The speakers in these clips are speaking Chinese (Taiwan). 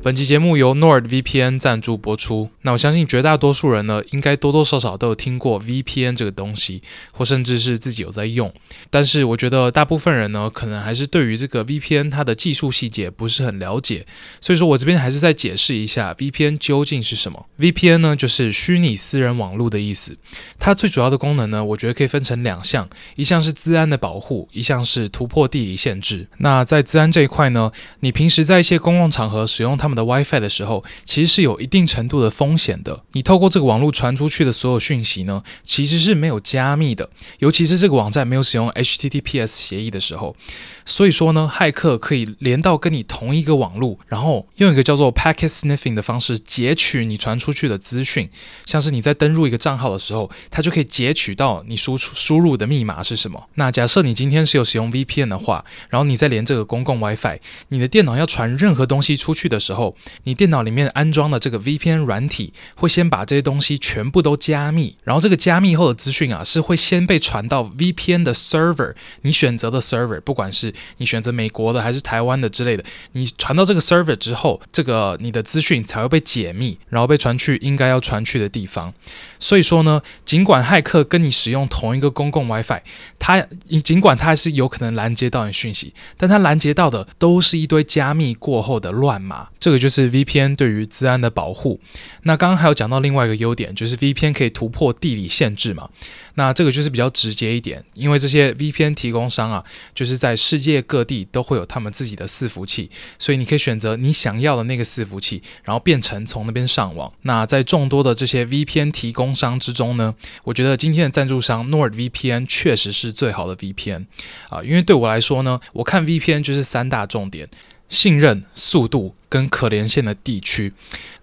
本期節目由 NordVPN 贊助播出。那我相信絕大多數人呢，應該多多少少都有聽過 VPN 這個東西，或甚至是自己有在用。但是我覺得大部分人呢，可能還是對於這個 VPN 它的技術細節不是很了解。所以說我這邊還是再解釋一下 VPN 究竟是什麼。VPN 呢，就是虛擬私人網絡的意思。它最主要的功能呢，我覺得可以分成兩項：一項是資安的保護，一項是突破地理限制。那在資安這一塊呢，你平時在一些公共場合使用它們的 WiFi 的時候，其實是有一定程度的風險的。你透過這個網絡傳出去的所有訊息呢，其實是沒有加密的，尤其是這個網站沒有使用 HTTPS 協議的時候。所以說呢，駭客可以連到跟你同一個網絡，然後用一個叫做 Packet Sniffing 的方式截取你傳出去的資訊，像是你在登入一個賬號的時候，它就可以截取到你輸出輸入的密碼是什麼。那假設你今天是有使用 VPN 的話，然後你在連這個公共 WiFi，你的電腦要傳任何東西出去的時候，後，你電腦裡面安裝的這個 VPN 軟體會先把這些東西全部都加密，然後這個加密後的資訊啊，是會先被傳到 VPN 的 server，你選擇的 server，不管是你選擇美國的還是台灣的之類的，你傳到這個 server 之後，這個你的資訊才會被解密，然後被傳去應該要傳去的地方。所以說呢，儘管駭客跟你使用同一個公共 WiFi，他，你儘管他還是有可能攔截到你訊息，但他攔截到的都是一堆加密過後的亂碼。這個就是 VPN 對於資安的保護。那剛剛還有講到另外一個優點，就是 VPN 可以突破地理限制嘛。那這個就是比較直接一點，因為這些 VPN 提供商啊，就是在世界各地都會有他們自己的伺服器，所以你可以選擇你想要的那個伺服器，然後變成從那邊上網。那在眾多的這些 VPN 提供商之中呢，我覺得今天的贊助商 NordVPN 確實是最好的 VPN 啊，因為對我來說呢，我看 VPN 就是三大重點：信任、速度。跟可連線的地區，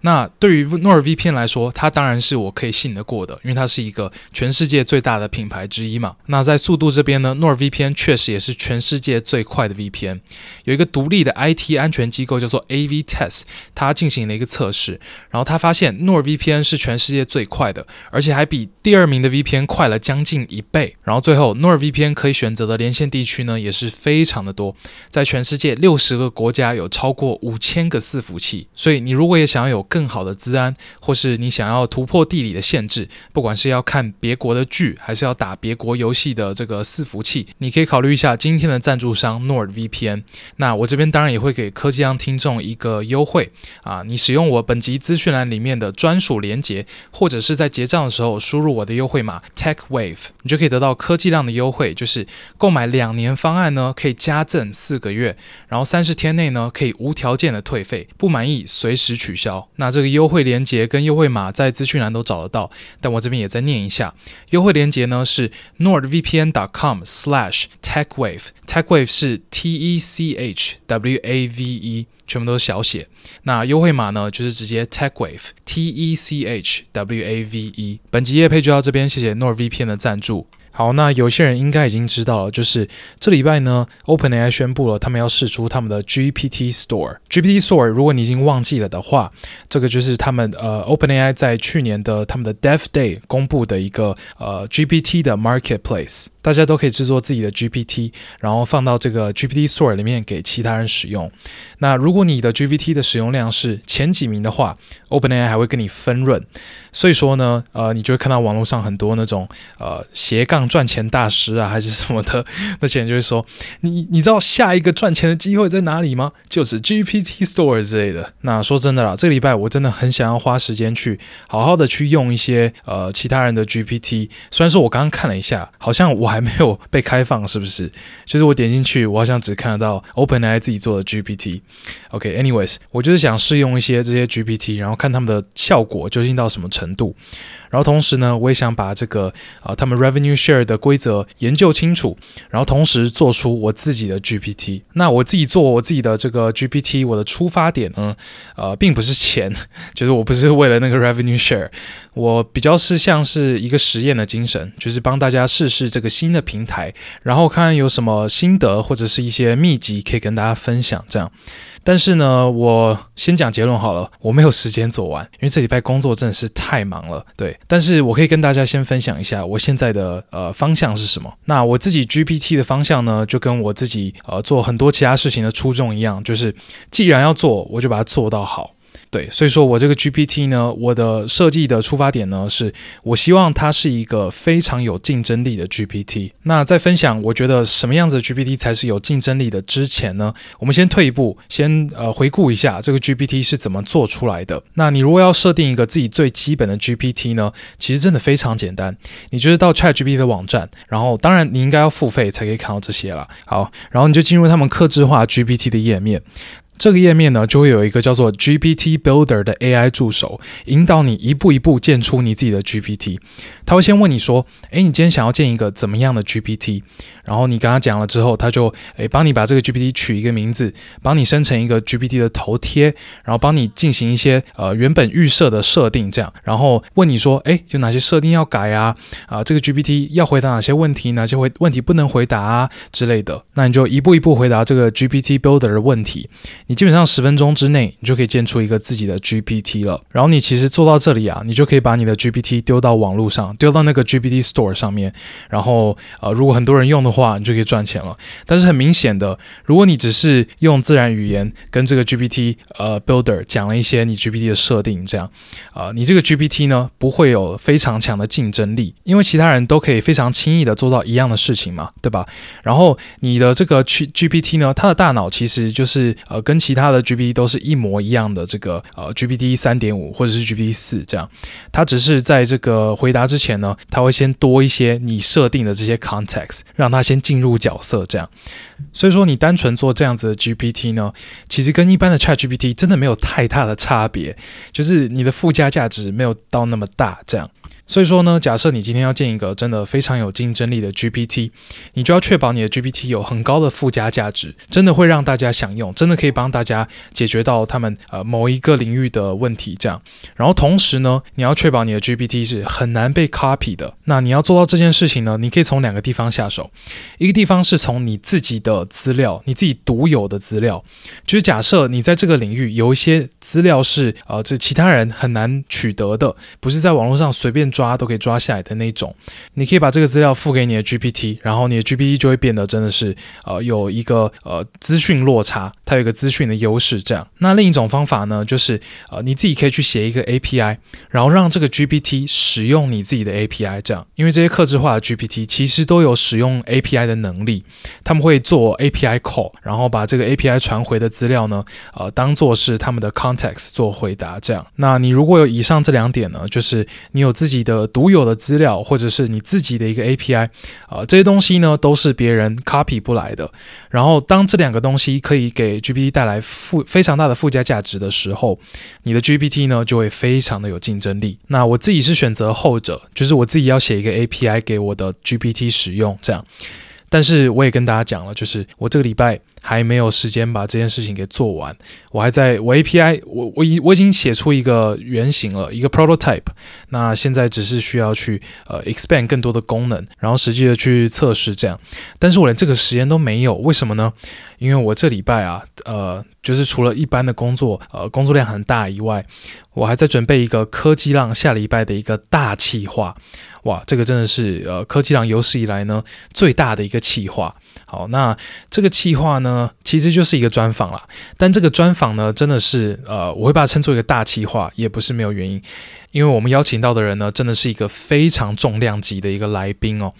那對於 NordVPN 來說，它當然是我可以信得過的，因為它是一個全世界最大的品牌之一嘛。那在速度這邊呢，NordVPN 確實也是全世界最快的 VPN。有一個獨立的 IT 安全機構叫做 AV-TEST，它進行了一個測試，然後他發現 NordVPN 是全世界最快的，而且還比第二名的 VPN 快了將近一倍。然後最後，NordVPN 可以選擇的連線地區呢，也是非常的多，在全世界六十個國家有超過五千個的伺服器，所以你如果也想要有更好的資安，或是你想要突破地理的限制，不管是要看別國的劇，還是要打別國遊戲的這個伺服器，你可以考慮一下今天的贊助商 NordVPN。那我這邊當然也會給科技量聽眾一個優惠啊，你使用我本集資訊欄裡面的專屬連結，或者是在結賬的時候輸入我的優惠碼 TechWave，你就可以得到科技量的優惠，就是購買兩年方案呢，可以加贈四個月，然後三十天內呢，可以無條件的退費，不滿意隨時取消。那這個優惠鏈接跟優惠碼在資訊欄都找得到，但我這邊也再念一下。優惠鏈接呢是 nordvpn.com slash techwave，techwave 是 t e c h w a v e，全部都是小寫。那優惠碼呢就是直接 techwave，t e c h w a v e。本集業配就到這邊，謝謝 NordVPN 的贊助。好，那有些人應該已經知道了，就是這禮拜呢，OpenAI 宣布了，他們要試出他們的 GPT Store。GPT Store，如果你已經忘記了的話，這個就是他們呃，OpenAI 在去年的他們的 Dev Day 公布的一個呃 GPT 的 Marketplace。大家都可以製作自己的 GPT，然後放到這個 GPT Store 裡面給其他人使用。那如果你的 GPT 的使用量是前幾名的話，OpenAI 還會跟你分潤。所以說呢，呃，你就會看到網絡上很多那種呃斜槓賺錢大師啊，還是什麼的，那些人就會說，你你知道下一個賺錢的機會在哪裡嗎？就是 GPT Store 之類的。那說真的啦，這個禮拜我真的很想要花時間去好好的去用一些呃其他人的 GPT。雖然說我剛剛看了一下，好像我還。還沒有被開放，是不是？就是我點進去，我好像只看得到 OpenAI 自己做的 GPT。OK，anyways，、okay，我就是想試用一些這些 GPT，然後看它們的效果究竟到什麼程度。然後同時呢，我也想把這個啊、呃、他們 revenue share 的規則研究清楚，然後同時做出我自己的 GPT。那我自己做我自己的這個 GPT，我的出發點呢，呃，並不是錢，就是我不是為了那個 revenue share，我比較是像是一個實驗的精神，就是幫大家試試這個新的平台，然後看有什麼心得或者是一些秘籍可以跟大家分享這樣。但是呢，我先講結論好了，我沒有時間做完，因為這禮拜工作真的是太忙了，對。但是我可以跟大家先分享一下我現在的呃，方向是什麼。那我自己 GPT 的方向呢，就跟我自己呃做很多其他事情的初衷一樣，就是既然要做，我就把它做到好。對，所以說我這個 GPT 呢，我的設計的出發點呢，是我希望它是一個非常有競爭力的 GPT。那在分享我覺得什麼樣子的 GPT 才是有競爭力的之前呢，我們先退一步，先呃回顧一下這個 GPT 是怎麼做出來的。那你如果要設定一個自己最基本的 GPT 呢，其實真的非常簡單，你就是到 ChatGPT 的網站，然後當然你應該要付費才可以看到這些了。好，然後你就進入他們客制化 GPT 的頁面。這個頁面呢，就會有一個叫做 GPT Builder 的 AI 助手，引導你一步一步建出你自己的 GPT。他會先問你說：“誒，你今天想要建一個怎麼樣的 GPT？” 然後你跟他講了之後，他就誒幫你把這個 GPT 取一個名字，幫你生成一個 GPT 的頭貼，然後幫你進行一些呃原本預設的設定這樣，然後問你說：“誒，有哪些設定要改啊？啊，這個 GPT 要回答哪些問題？哪些問題不能回答啊之類的？”那你就一步一步回答這個 GPT Builder 的問題。你基本上十分鐘之內，你就可以建出一個自己的 GPT 了。然後你其實做到這裡啊，你就可以把你的 GPT 丟到網絡上，丟到那個 GPT Store 上面。然後呃，如果很多人用的話，你就可以賺錢了。但是很明顯的，如果你只是用自然語言跟這個 GPT 呃 Builder 講了一些你 GPT 的設定，這樣，呃，你這個 GPT 呢不會有非常強的競爭力，因為其他人都可以非常輕易的做到一樣的事情嘛，對吧？然後你的這個 GPT 呢，它的大腦其實就是呃跟跟其他的 GPT 都是一模一樣的，這個呃 GPT 3.5或者是 GPT 4這樣，它只是在這個回答之前呢，它會先多一些你設定的這些 context，讓它先進入角色這樣。所以說你單純做這樣子的 GPT 呢，其實跟一般的 ChatGPT 真的沒有太大的差別，就是你的附加價值沒有到那麼大這樣。所以說呢，假設你今天要建一個真的非常有競爭力的 GPT，你就要確保你的 GPT 有很高的附加價值，真的會讓大家享用，真的可以幫大家解決到他們呃某一個領域的問題這樣。然後同時呢，你要確保你的 GPT 是很難被 copy 的。那你要做到這件事情呢，你可以從兩個地方下手，一個地方是從你自己的資料，你自己獨有的資料，就是假設你在這個領域有一些資料是呃這其他人很難取得的，不是在網絡上隨便。抓都可以抓下來的那種，你可以把這個資料付給你的 GPT，然後你的 GPT 就會變得真的是呃有一個呃資訊落差，它有一個資訊的優勢。這樣，那另一種方法呢，就是呃你自己可以去寫一個 API，然後讓這個 GPT 使用你自己的 API，這樣，因為這些客制化的 GPT 其實都有使用 API 的能力，他們會做 API call，然後把這個 API 傳回的資料呢，呃當做是他們的 context 做回答。這樣，那你如果有以上這兩點呢，就是你有自己的。的獨有的資料，或者是你自己的一個 API，啊、呃，這些東西呢都是別人 copy 不來的。然後，當這兩個東西可以給 GPT 帶來附非常大的附加價值的時候，你的 GPT 呢就會非常的有競爭力。那我自己是選擇後者，就是我自己要寫一個 API 給我的 GPT 使用，這樣。但是我也跟大家講了，就是我這個禮拜。還沒有時間把這件事情給做完，我還在我 API，我我已我已經寫出一個原型了，一個 prototype，那現在只是需要去呃 expand 更多的功能，然後實際的去測試這樣，但是我連這個時間都沒有，為什麼呢？因為我這禮拜啊，呃，就是除了一般的工作，呃，工作量很大以外，我還在準備一個科技浪下禮拜的一個大企劃，哇，這個真的是呃科技浪有史以來呢最大的一個企劃。好，那這個企劃呢，其實就是一個專訪啦。但這個專訪呢，真的是，呃，我會把它稱作一個大企劃，也不是沒有原因。因為我們邀請到的人呢，真的是一個非常重量級的一個來賓哦。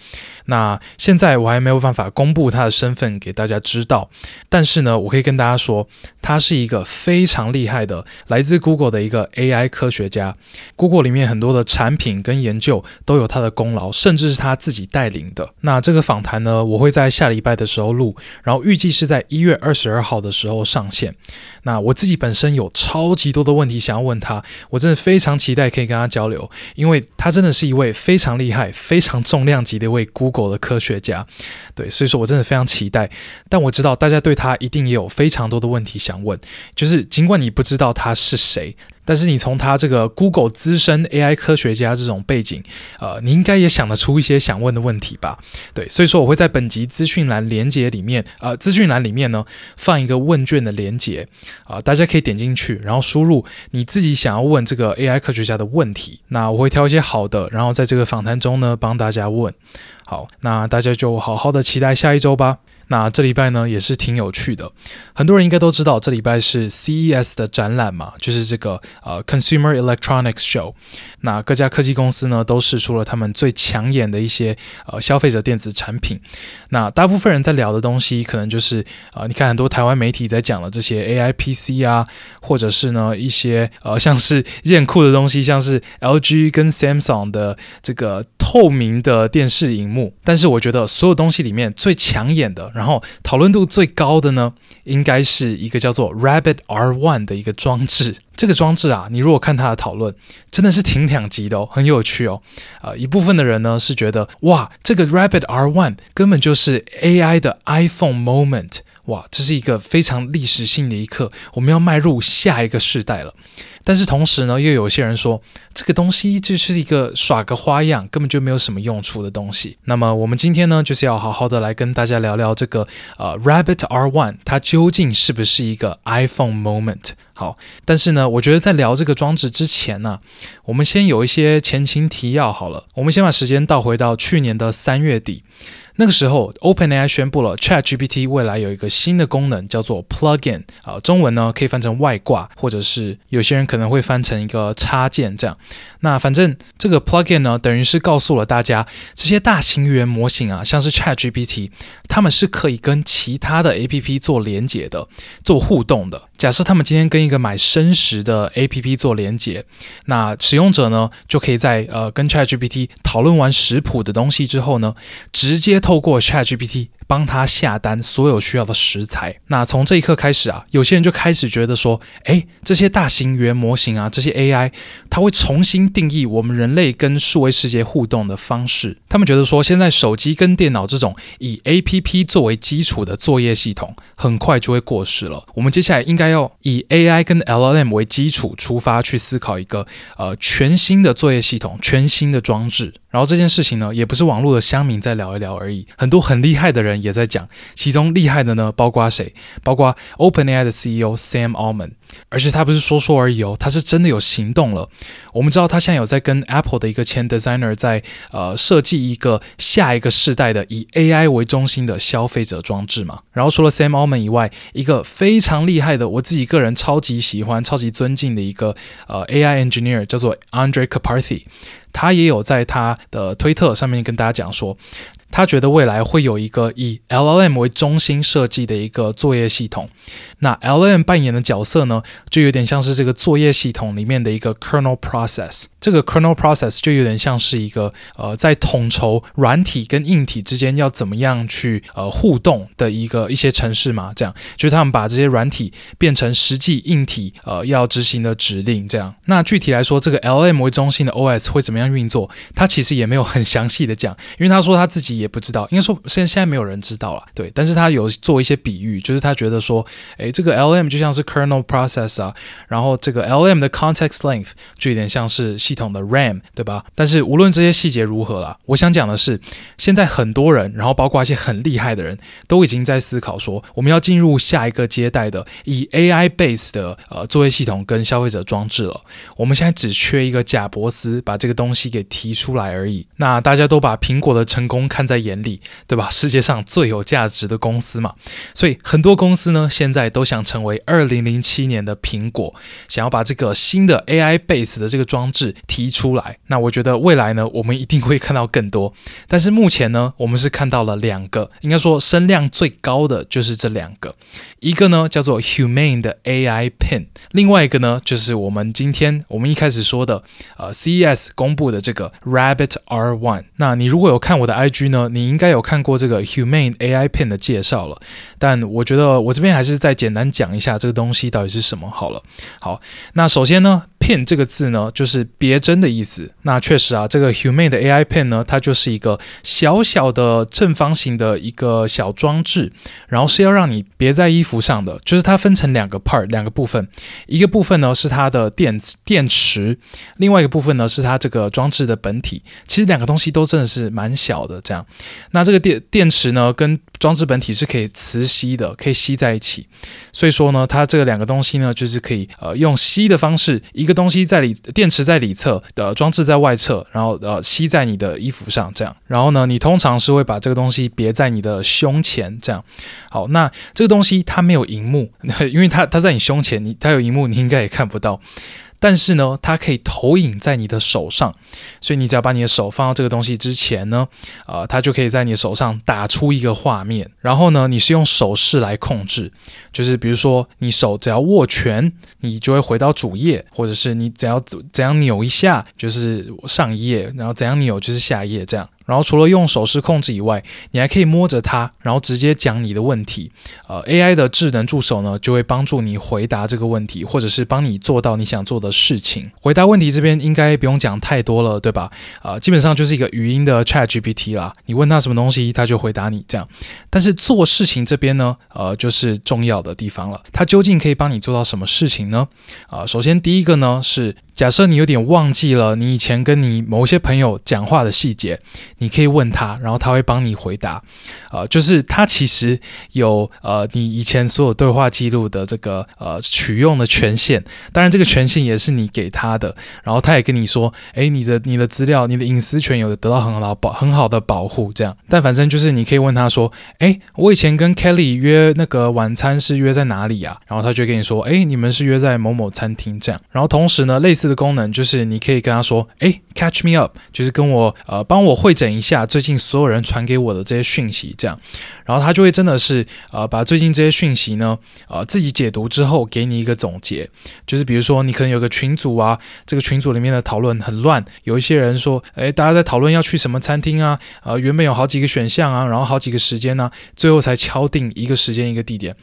那現在我還沒有辦法公布他的身份給大家知道，但是呢，我可以跟大家說，他是一個非常厲害的來自 Google 的一個 AI 科學家。Google 裡面很多的產品跟研究都有他的功勞，甚至是他自己帶領的。那這個訪談呢，我會在下禮拜的時候錄，然後預計是在一月二十二號的時候上線。那我自己本身有超級多的問題想要問他，我真的非常期待可以。跟他交流，因為他真的是一位非常厲害、非常重量級的一位 Google 的科學家，對，所以說我真的非常期待。但我知道大家對他一定也有非常多的問題想問，就是儘管你不知道他是誰。但是你從他這個 Google 資深 AI 科學家這種背景，呃，你應該也想得出一些想問的問題吧？對，所以說我會在本集資訊欄連結裡面，呃，資訊欄裡面呢放一個問卷的連結，啊、呃，大家可以點進去，然後輸入你自己想要問這個 AI 科學家的問題。那我會挑一些好的，然後在這個訪談中呢幫大家問。好，那大家就好好的期待下一周吧。那這禮拜呢也是挺有趣的，很多人應該都知道，這禮拜是 CES 的展覽嘛，就是這個呃 Consumer Electronics Show。那各家科技公司呢都釋出了他們最搶眼的一些呃消費者電子產品。那大部分人在聊的東西，可能就是啊、呃，你看很多台灣媒體在講的這些 AI PC 啊，或者是呢一些呃像是很酷的東西，像是 LG 跟 Samsung 的這個透明的電視螢幕。但是我覺得所有東西裡面最搶眼的。然後討論度最高的呢，應該是一個叫做 Rabbit R1 的一個裝置。這個裝置啊，你如果看它的討論，真的是挺兩極的哦，很有趣哦。呃，一部分的人呢是覺得，哇，這個 Rabbit R1 根本就是 AI 的 iPhone Moment。哇，這是一個非常歷史性的一刻，我們要邁入下一個世代了。但是同時呢，又有些人說這個東西就是一個耍個花樣，根本就沒有什麼用處的東西。那麼我們今天呢，就是要好好的來跟大家聊聊這個呃，Rabbit R1，它究竟是不是一個 iPhone Moment？好，但是呢，我覺得在聊這個裝置之前呢、啊，我們先有一些前情提要好了。我們先把時間倒回到去年的三月底，那個時候，OpenAI 宣佈了 ChatGPT 未來有一個新的功能，叫做 Plugin 啊，中文呢可以翻成外掛，或者是有些人可能會翻成一個插件這樣。那反正這個 Plugin 呢，等於是告訴了大家，這些大型語言模型啊，像是 ChatGPT，它們是可以跟其他的 APP 做連接的，做互動的。假設他們今天跟一個買生食的 APP 做連結，那使用者呢就可以在呃跟 ChatGPT 討論完食譜的東西之後呢，直接透過 ChatGPT 幫他下單所有需要的食材。那從這一刻開始啊，有些人就開始覺得說，哎，這些大型語言模型啊，這些 AI，它會重新定義我們人類跟數位世界互動的方式。他們覺得說，現在手機跟電腦這種以 APP 作為基礎的作業系統，很快就會過時了。我們接下來應該要以 AI 跟 LLM 為基礎出發去思考一個呃全新的作業系統、全新的裝置，然後這件事情呢，也不是網絡的鄉民在聊一聊而已，很多很厲害的人也在講，其中厲害的呢，包括誰？包括 OpenAI 的 CEO Sam Altman。而且他不是說說而已哦，他是真的有行動了。我們知道他現在有在跟 Apple 的一個前 designer 在呃設計一個下一個世代的以 AI 為中心的消費者裝置嘛。然後除了 Sam Altman 以外，一個非常厲害的，我自己個人超級喜歡、超級尊敬的一個呃 AI engineer 叫做 Andrej Karpathy，他也有在他的推特上面跟大家講說。他覺得未來會有一個以 LLM 為中心設計的一個作業系統，那 LLM 扮演的角色呢，就有點像是這個作業系統裡面的一個 kernel process。這個 kernel process 就有點像是一個呃，在統籌軟體跟硬體之間要怎麼樣去呃互動的一個一些程式嘛，這樣，就是他們把這些軟體變成實際硬體呃要執行的指令這樣。那具體來說，這個 LM 為中心的 OS 會怎麼樣運作？他其實也沒有很詳細的講，因為他說他自己。也不知道，應該說現現在沒有人知道了。對，但是他有做一些比喻，就是他覺得說，哎、欸，這個 LM 就像是 kernel process 啊，然後這個 LM 的 context length 就有點像是系統的 RAM，對吧？但是無論這些細節如何啦，我想講的是，現在很多人，然後包括一些很厲害的人，都已經在思考說，我們要進入下一個接待的以 AI based 的呃作業系統跟消費者裝置了。我們現在只缺一個賈伯斯把這個東西給提出來而已。那大家都把蘋果的成功看。在眼裡，對吧？世界上最有價值的公司嘛，所以很多公司呢，現在都想成為二零零七年的蘋果，想要把這個新的 AI-based 的這個裝置提出來。那我覺得未來呢，我們一定會看到更多。但是目前呢，我們是看到了兩個，應該說聲量最高的就是這兩個。一個呢叫做 Humane 的 AI Pin，另外一個呢就是我們今天我們一開始說的，呃 CES 公佈的這個 Rabbit R1。那你如果有看我的 IG 呢，你應該有看過這個 Humane AI Pin 的介紹了。但我覺得我這邊還是再簡單講一下這個東西到底是什麼好了。好，那首先呢。Pin 這個字呢，就是別針的意思。那確實啊，這個 Humane 的 AI Pin 呢，它就是一個小小的正方形的一個小裝置，然後是要讓你別在衣服上的，就是它分成兩個 part，兩個部分，一個部分呢是它的電電池，另外一個部分呢是它這個裝置的本體。其實兩個東西都真的是蠻小的這樣。那這個電電池呢，跟裝置本體是可以磁吸的，可以吸在一起。所以說呢，它這個兩個東西呢，就是可以呃用吸的方式一個東西在裡，電池在裡側，的、呃、裝置在外側，然後呃吸在你的衣服上，這樣。然後呢，你通常是會把這個東西別在你的胸前，這樣。好，那這個東西它沒有熒幕因為它它在你胸前，你它有熒幕，你應該也看不到。但是呢，它可以投影在你的手上，所以你只要把你的手放到這個東西之前呢，呃，它就可以在你的手上打出一個畫面。然後呢，你是用手勢來控制，就是比如說你手只要握拳，你就會回到主頁，或者是你只要怎怎樣扭一下，就是上一頁，然後怎樣扭就是下一頁，這樣。然後除了用手勢控制以外，你還可以摸着它，然後直接講你的問題，呃，AI 的智能助手呢就會幫助你回答這個問題，或者是幫你做到你想做的事情。回答問題這邊應該不用講太多了，對吧？啊、呃，基本上就是一個語音的 ChatGPT 啦，你問他什麼東西，他就回答你這樣。但是做事情這邊呢，呃，就是重要的地方了，它究竟可以幫你做到什麼事情呢？啊、呃，首先第一個呢是，假設你有點忘記了你以前跟你某些朋友講話的細節。你可以問他，然後他會幫你回答，呃，就是他其實有呃你以前所有對話記錄的這個呃取用的權限，當然這個權限也是你給他的，然後他也跟你說，哎，你的你的資料你的隱私權有得到很好的保很好的保護這樣，但反正就是你可以問他說，哎，我以前跟 Kelly 約那個晚餐是約在哪裡呀、啊？然後他就跟你說，哎，你們是約在某某餐廳這樣，然後同時呢，類似的功能就是你可以跟他說，哎，catch me up，就是跟我呃幫我彙整等一下，最近所有人傳給我的這些訊息，這樣，然後他就會真的是，呃，把最近這些訊息呢，呃，自己解讀之後給你一個總結，就是比如說你可能有個群組啊，這個群組裡面的討論很亂，有一些人說，誒，大家在討論要去什麼餐廳啊，呃，原本有好幾個選項啊，然後好幾個時間呢，啊，最後才敲定一個時間一個地點。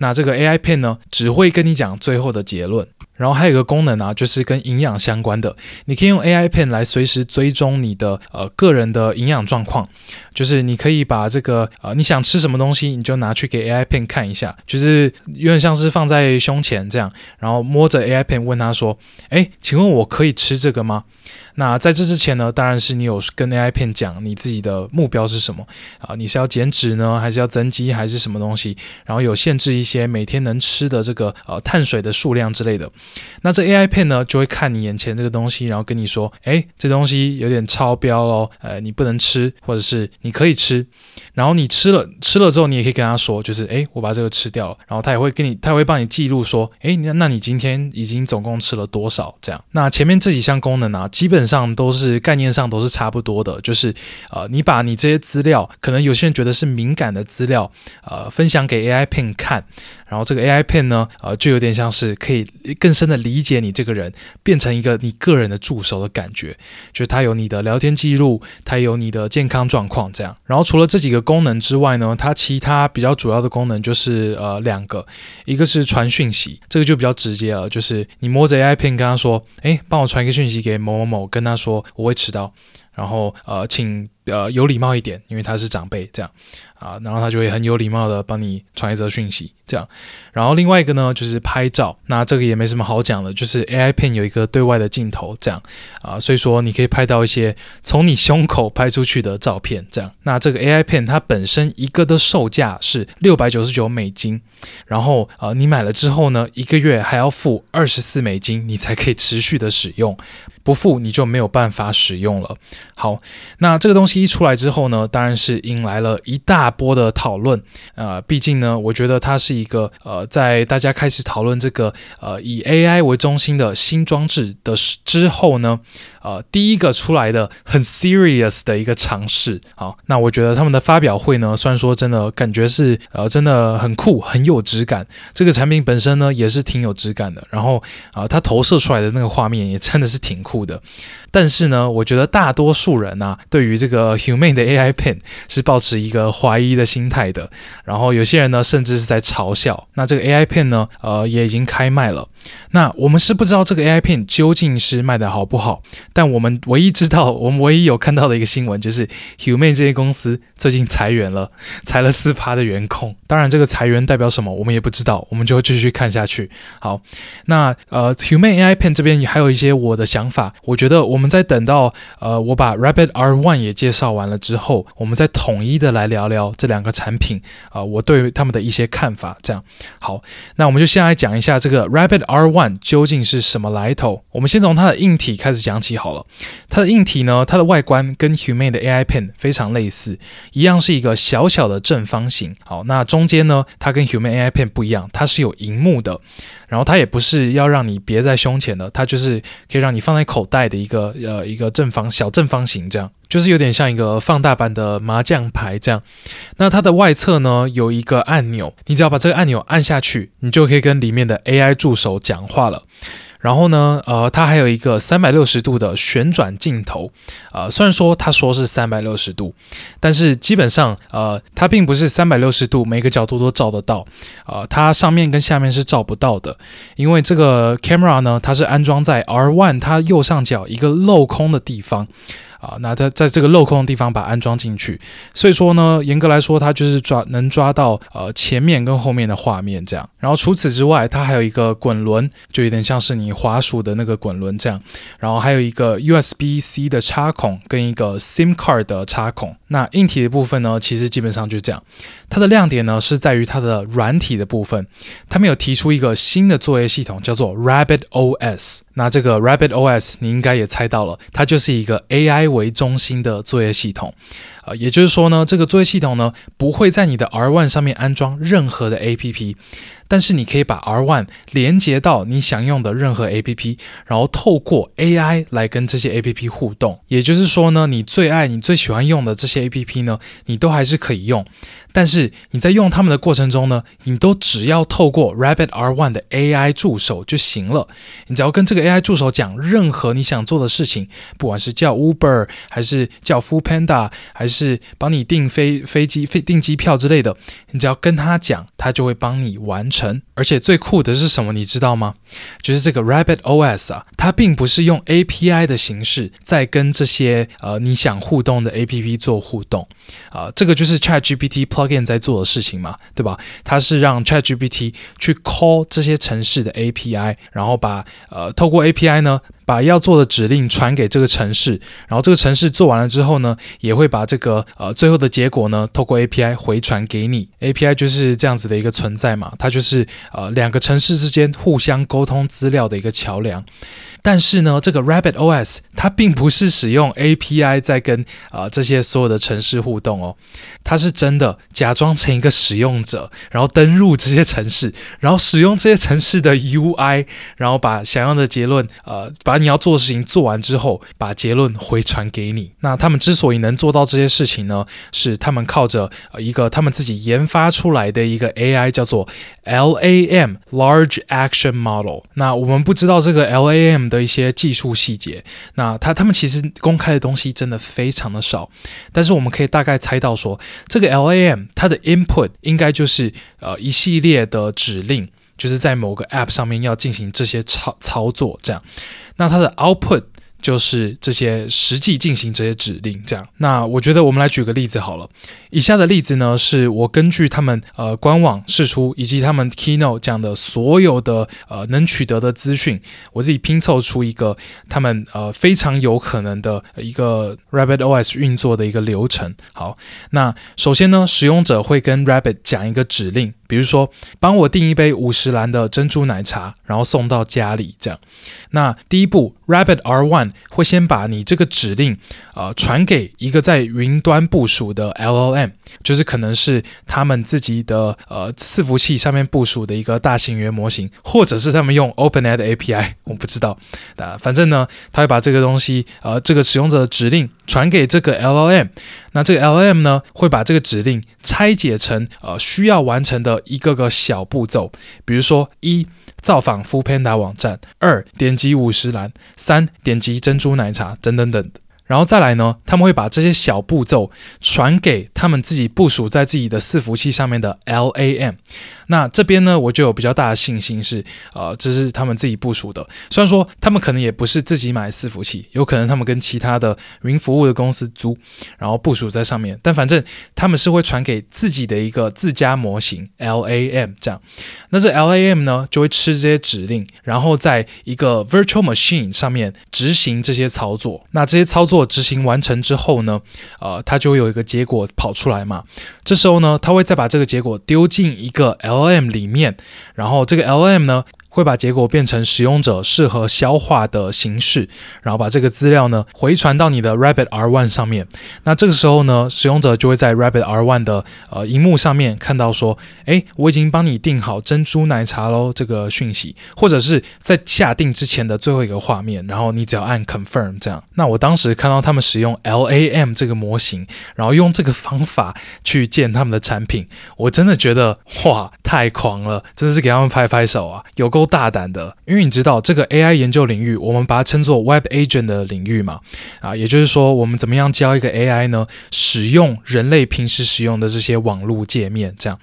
那這個 AI Pin 呢，只會跟你講最後的結論。然後還有一個功能啊，就是跟營養相關的，你可以用 AI Pin 來隨時追蹤你的呃個人的營養狀況。就是你可以把這個呃你想吃什麼東西，你就拿去給 AI Pin 看一下，就是有點像是放在胸前這樣，然後摸着 AI Pin 問他說：“哎，請問我可以吃這個嗎？”那在這之前呢，當然是你有跟 AI 片講你自己的目標是什麼啊，你是要減脂呢，還是要增肌，還是什麼東西？然後有限制一些每天能吃的這個呃碳水的數量之類的。那這 AI 片呢，就會看你眼前這個東西，然後跟你說，哎、欸，這東西有點超標咯，呃，你不能吃，或者是你可以吃。然後你吃了吃了之後，你也可以跟他說，就是哎、欸，我把這個吃掉了。然後他也會跟你，他會幫你記錄說，哎、欸，那那你今天已經總共吃了多少？這樣。那前面這幾項功能啊，基本。基本上都是概念上都是差不多的，就是，呃，你把你這些資料，可能有些人覺得是敏感的資料，呃，分享給 AI Pin 看。然後這個 AI Pin 呢，呃，就有點像是可以更深的理解你這個人，變成一個你個人的助手的感覺，就是它有你的聊天記錄，它有你的健康狀況這樣。然後除了這幾個功能之外呢，它其他比較主要的功能就是呃兩個，一個是傳訊息，這個就比較直接了，就是你摸着 AI Pin 跟他說，誒，幫我傳一個訊息給某某某，跟他說我會遲到，然後呃請。呃，有禮貌一點，因為他是長輩，這樣啊，然後他就會很有禮貌的幫你傳一則訊息，這樣。然後另外一個呢，就是拍照，那這個也沒什麼好講的，就是 AI Pin 有一個對外的鏡頭，這樣啊，所以說你可以拍到一些從你胸口拍出去的照片，這樣。那這個 AI Pin 它本身一個的售價是六百九十九美金，然後呃，你買了之後呢，一個月還要付二十四美金，你才可以持續的使用。不付你就沒有辦法使用了。好，那這個東西一出來之後呢，當然是引來了一大波的討論。啊、呃，畢竟呢，我覺得它是一個呃，在大家開始討論這個呃以 AI 為中心的新裝置的之後呢，呃，第一個出來的很 serious 的一個嘗試。好，那我覺得他們的發表會呢，雖然說真的感覺是呃真的很酷，很有質感。這個產品本身呢，也是挺有質感的。然後啊、呃，它投射出來的那個畫面也真的是挺酷的。酷的，但是呢，我覺得大多數人呢，啊，對於這個 Humane 的 AI Pin 是保持一個懷疑的心態的。然後有些人呢，甚至是在嘲笑。那這個 AI Pin 呢，呃，也已經開賣了。那我們是不知道這個 AI Pin 究竟是賣得好不好，但我們唯一知道，我們唯一有看到的一個新聞就是 Humane 這些公司最近裁員了，裁了四趴的員工。當然，這個裁員代表什麼，我們也不知道，我們就繼續看下去。好，那呃，Humane AI Pin 這邊還有一些我的想法，我覺得我們在等到呃我把 Rabbit R1 也介紹完了之後，我們再統一的來聊聊這兩個產品啊，呃，我對於他們的一些看法。這樣好，那我們就先來講一下這個 Rabbit。R One 究竟是什麼來頭？我們先從它的硬體開始講起好了。它的硬體呢，它的外觀跟 Humane 的 AI Pin 非常類似，一樣是一個小小的正方形。好，那中間呢，它跟 Humane AI Pin 不一樣，它是有熒幕的。然後它也不是要讓你別在胸前的，它就是可以讓你放在口袋的一個呃一個正方小正方形這樣。就是有點像一個放大版的麻將牌這樣，那它的外側呢有一個按鈕，你只要把這個按鈕按下去，你就可以跟裡面的 AI 助手講話了。然後呢，呃，它還有一個三百六十度的旋轉鏡頭，呃，雖然說它說是三百六十度，但是基本上呃，它並不是三百六十度，每個角度都照得到，呃，它上面跟下面是照不到的，因為這個 camera 呢，它是安裝在 R1 它右上角一個鏤空的地方。啊，那它在這個鏤空的地方把它安裝進去，所以說呢，嚴格來說，它就是抓能抓到呃前面跟後面的畫面這樣。然後除此之外，它還有一個滾輪，就有點像是你滑鼠的那個滾輪這樣。然後還有一個 USB-C 的插孔跟一個 SIM card 的插孔。那硬體的部分呢，其實基本上就這樣。它的亮點呢，是在於它的軟體的部分，他們有提出一個新的作業系統，叫做 Rabbit OS。那這個 Rabbit OS 你應該也猜到了，它就是一個 AI 為中心的作業系統。啊、呃，也就是說呢，這個作業系統呢，不會在你的 R One 上面安裝任何的 APP，但是你可以把 R One 連接到你想用的任何 APP，然後透過 AI 來跟這些 APP 互動。也就是說呢，你最愛你最喜歡用的這些 APP 呢，你都還是可以用。但是你在用他們的過程中呢，你都只要透過 Rabbit R1 的 AI 助手就行了。你只要跟這個 AI 助手講任何你想做的事情，不管是叫 Uber 還是叫 Food Panda，還是幫你訂飛飛機、飛訂機票之類的，你只要跟他講，他就會幫你完成。而且最酷的是什麼，你知道嗎？就是這個 Rabbit OS 啊，它並不是用 API 的形式在跟這些呃你想互動的 APP 做互動啊、呃，這個就是 Chat GPT Plus。在做的事情嘛，對吧？它是讓 ChatGPT 去 call 這些城市的 API，然後把呃透過 API 呢，把要做的指令傳給這個城市，然後這個城市做完了之後呢，也會把這個呃最後的結果呢，透過 API 回傳給你。API 就是這樣子的一個存在嘛，它就是呃兩個城市之間互相溝通資料的一個橋梁。但是呢，這個 Rabbit OS 它並不是使用 API 在跟啊、呃、這些所有的程式互動哦，它是真的假裝成一個使用者，然後登入這些程式，然後使用這些程式的 UI，然後把想要的結論，呃，把你要做的事情做完之後，把結論回傳給你。那他們之所以能做到這些事情呢，是他們靠着一個他們自己研發出來的一個 AI，叫做 LAM Large Action Model。那我們不知道這個 LAM 的一些技術細節。那他他們其實公開的東西真的非常的少。但是我們可以大概猜到說，這個 LAM 它的 input 應該就是呃一系列的指令，就是在某個 app 上面要進行這些操操作這樣。那它的 output。就是這些實際進行這些指令，這樣。那我覺得我們來舉個例子好了。以下的例子呢，是我根據他們呃官網釋出以及他們 Keynote 講的所有的呃能取得的資訊，我自己拼湊出一個他們呃非常有可能的一個 Rabbit OS 運作的一個流程。好，那首先呢，使用者會跟 Rabbit 講一個指令。比如說，幫我訂一杯五十嵐的珍珠奶茶，然後送到家裡這樣。那第一步，Rabbit R1 會先把你這個指令，呃，傳給一個在雲端部署的 LLM，就是可能是他們自己的呃伺服器上面部署的一個大型語言模型，或者是他們用 OpenAI 的 API，我不知道。啊，反正呢，他會把這個東西，呃，這個使用者的指令傳給這個 LLM。那這個 LLM 呢，會把這個指令拆解成呃需要完成的。一個個小步驟，比如說：一，造訪 Foodpanda 網站；二，點擊五十嵐；三，點擊珍珠奶茶，等等等,等。然後再來呢，他們會把這些小步驟傳給他們自己部署在自己的伺服器上面的 LAM。那這邊呢，我就有比較大的信心是，呃，這是他們自己部署的。雖然說他們可能也不是自己買伺服器，有可能他們跟其他的雲服務的公司租，然後部署在上面，但反正他們是會傳給自己的一個自家模型 LAM 這樣。那這 LAM 呢，就會吃這些指令，然後在一個 virtual machine 上面執行這些操作。那這些操作。執行完成之後呢，呃，它就有一個結果跑出來嘛。這時候呢，它會再把這個結果丟進一個 LM 裡面，然後這個 LM 呢。會把結果變成使用者適合消化的形式，然後把這個資料呢回傳到你的 Rabbit R1 上面。那這個時候呢，使用者就會在 Rabbit R1 的呃熒幕上面看到說，哎，我已經幫你訂好珍珠奶茶嘍這個訊息，或者是在下訂之前的最後一個畫面，然後你只要按 Confirm 這樣。那我當時看到他們使用 LAM 這個模型，然後用這個方法去建他們的產品，我真的覺得哇，太狂了，真的是給他們拍拍手啊，有夠。都大膽的，因為你知道這個 AI 研究領域，我們把它稱作 Web Agent 的領域嘛，啊，也就是說，我們怎麼樣教一個 AI 呢，使用人類平時使用的這些網絡界面，這樣，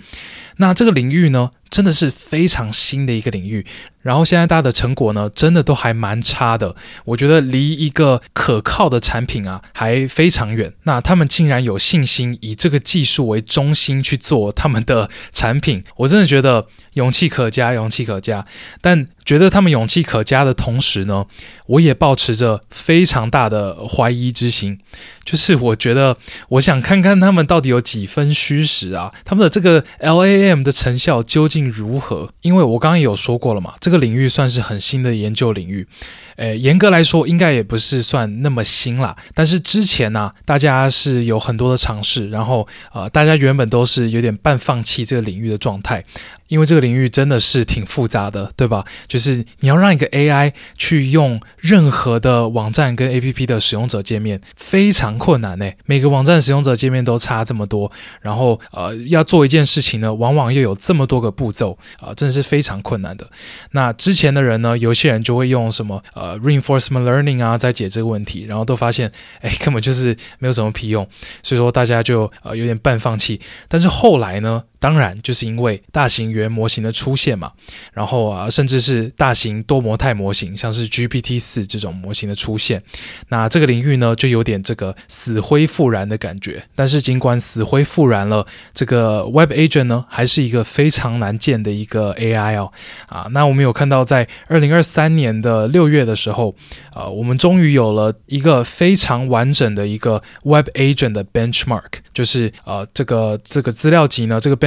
那這個領域呢，真的是非常新的一個領域，然後現在大家的成果呢，真的都還蠻差的。我覺得離一個可靠的產品啊，還非常遠。那他們竟然有信心以這個技術為中心去做他們的產品，我真的覺得勇氣可嘉，勇氣可嘉。但覺得他們勇氣可嘉的同時呢，我也抱持著非常大的懷疑之心。就是我覺得，我想看看他們到底有幾分虛實啊，他們的這個 LAM 的成效究竟竟如何？因為我剛剛也有說過了嘛，這個領域算是很新的研究領域，呃，嚴格來說應該也不是算那麼新啦。但是之前呢、啊，大家是有很多的嘗試，然後呃，大家原本都是有點半放棄這個領域的狀態。因為這個領域真的是挺複雜的，對吧？就是你要讓一個 AI 去用任何的網站跟 APP 的使用者界面，非常困難哎、欸。每個網站使用者界面都差這麼多，然後呃，要做一件事情呢，往往又有這麼多個步驟啊、呃，真的是非常困難的。那之前的人呢，有些人就會用什麼呃 reinforcement learning 啊，在解這個問題，然後都發現哎，根本就是沒有什麼屁用，所以說大家就呃有點半放棄。但是後來呢？當然，就是因為大型語言模型的出現嘛，然後啊，甚至是大型多模態模型，像是 GPT 四這種模型的出現，那這個領域呢，就有點這個死灰復燃的感覺。但是，儘管死灰復燃了，這個 Web Agent 呢，還是一個非常難見的一個 AI 哦。啊，那我們有看到，在二零二三年的六月的時候，呃，我們終於有了一個非常完整的一個 Web Agent 的 Benchmark，就是呃，這個這個資料集呢，這個。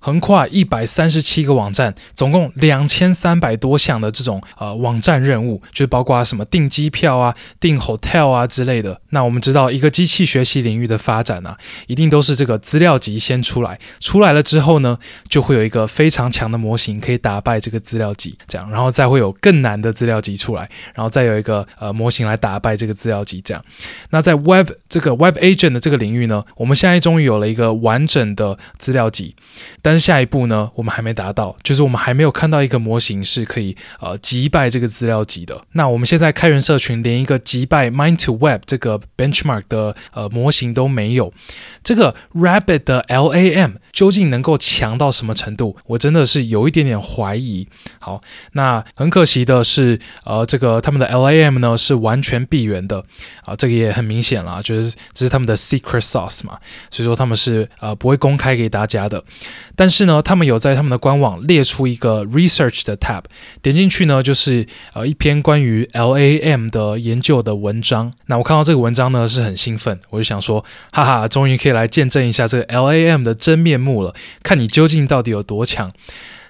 橫跨一百三十七個網站，總共兩千三百多項的這種呃網站任務，就包括什麼訂機票啊、訂 hotel 啊之類的。那我們知道，一個機器學習領域的發展呢、啊，一定都是這個資料集先出來，出來了之後呢，就會有一個非常強的模型可以打敗這個資料集，這樣，然後再會有更難的資料集出來，然後再有一個呃模型來打敗這個資料集，這樣。那在 web 這個 web agent 的這個領域呢，我們現在終於有了一個完整的資料集。但是下一步呢，我們還沒達到，就是我們還沒有看到一個模型是可以呃擊敗這個資料集的。那我們現在開源社群連一個擊敗 Mind to Web 這個 benchmark 的呃模型都沒有，這個 Rabbit 的 L A M 究竟能夠強到什麼程度？我真的是有一點點懷疑。好，那很可惜的是，呃，這個他們的 L A M 呢是完全閉源的啊，這個也很明顯啦，就是這、就是他們的 secret sauce 嘛，所以說他們是呃不會公開給大家的。但是呢，他們有在他們的官網列出一個 research 的 tab，點進去呢，就是呃一篇關於 LAM 的研究的文章。那我看到這個文章呢，是很興奮，我就想說，哈哈，終於可以來見證一下這個 LAM 的真面目了，看你究竟到底有多強。